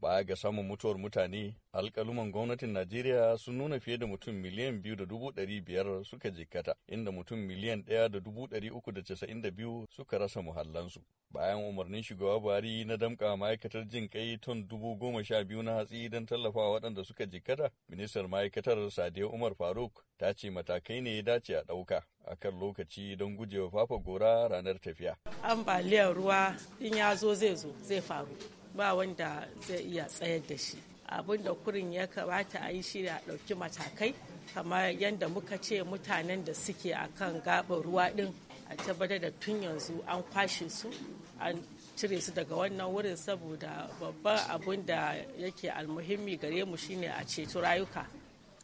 Baya ga samun mutuwar mutane, alkaluman gwamnatin Najeriya sun nuna fiye da mutum miliyan biyu da dubu ɗari biyar suka jikkata, inda mutum miliyan ɗaya da dubu ɗari uku da casa'in da biyu suka rasa muhallansu. Bayan umarnin shugaba Buhari na damka ma'aikatar jin kai ton dubu goma sha biyu na hatsi don tallafawa waɗanda suka jikkata, ministar ma'aikatar Sadiya Umar Faruk ta ce matakai ne ya dace a ɗauka a kan lokaci don gujewa fafa gora ranar tafiya. Ambaliyar ruwa in ya zo zai zo zai faru. ba wanda zai iya tsayar da shi abin da kurin ya kamata a yi shi a ɗauki matakai kamar yadda muka ce mutanen da suke a kan gaɓar ruwa ɗin a tabbatar da tun yanzu an kwashe su an cire su daga wannan wurin saboda babban abin da yake almuhimmi gare mu shine a ceto rayuka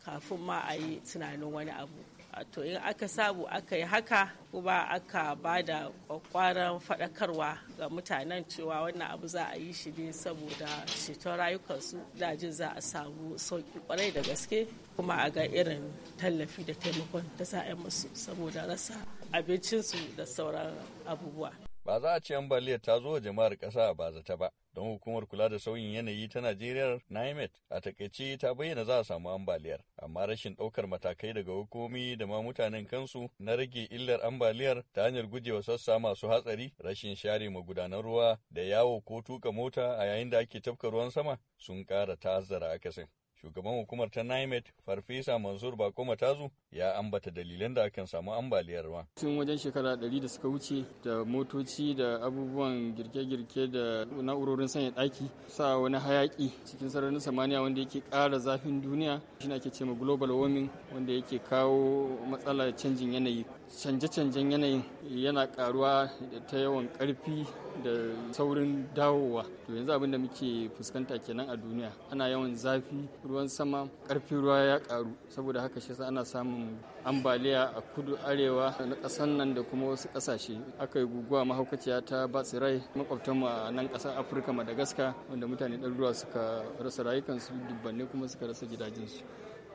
kafin ma a yi tunanin wani abu to in aka sabu aka yi haka kuma aka ba da kwakwaran fadakarwa ga mutanen cewa wannan abu za a yi shi ne saboda ceton rayukansu da jin za a samu sauƙi kwarai da gaske kuma a ga irin tallafi da taimakon da za a musu saboda rasa abincinsu da sauran abubuwa ba za a ce ambaliyar ta zo jama'ar ƙasa ba zata ba don hukumar kula da sauyin yanayi ta Najeriya NIMET a takaice ta bayyana za a samu ambaliyar amma rashin ɗaukar matakai daga hukumi da ma mutanen kansu na rage illar ambaliyar ta hanyar gujewa sassa masu hatsari rashin share magudanan ruwa da yawo ko tuka mota a yayin da ake tafka ruwan sama sun ƙara ta'azzara akasin. Shugaban hukumar ta naimet Farfesa Mansur kuma tazu ya ambata dalilan da akan samu ambaliyar ruwa. Tun wajen shekara ɗari da suka wuce da motoci da abubuwan girke-girke da na'urorin sanya daki sa wani hayaki cikin sararin samaniya wanda yake ƙara zafin duniya shi ake ce ma global warming wanda yake kawo matsalar canjin yanayi. Canje-canjen yanayin yana karuwa da ta yawan karfi da saurin dawowa to yanzu abin da muke fuskanta kenan a duniya ana yawan zafi ruwan sama karfin ruwa ya karu saboda haka shi ana samun ambaliya a kudu arewa na kasan nan da kuma wasu kasashe aka yi guguwa mahaukaciya ta batsirai makwabtan a nan kasar afirka madagascar wanda mutane ruwa suka rasa rayukansu dubbanne kuma suka rasa gidajensu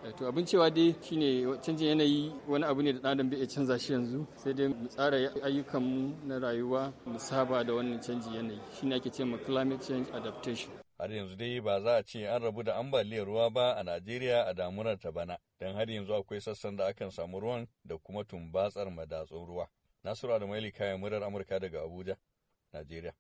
Eh, to abin cewa dai shine canjin yanayi wani abu ne da adam bai canza shi yanzu sai dai mu tsara ayyukan mu na rayuwa mu saba da wannan canjin yanayi shine ake cewa ma climate change adaptation har yanzu dai ba za a ce an rabu da ambaliyar ruwa ba a Najeriya a damunar ta bana dan har yanzu akwai sassan da akan samu ruwan da kuma tumbatsar madatsun ruwa Nasiru Adamu kayan murar Amurka daga Abuja Najeriya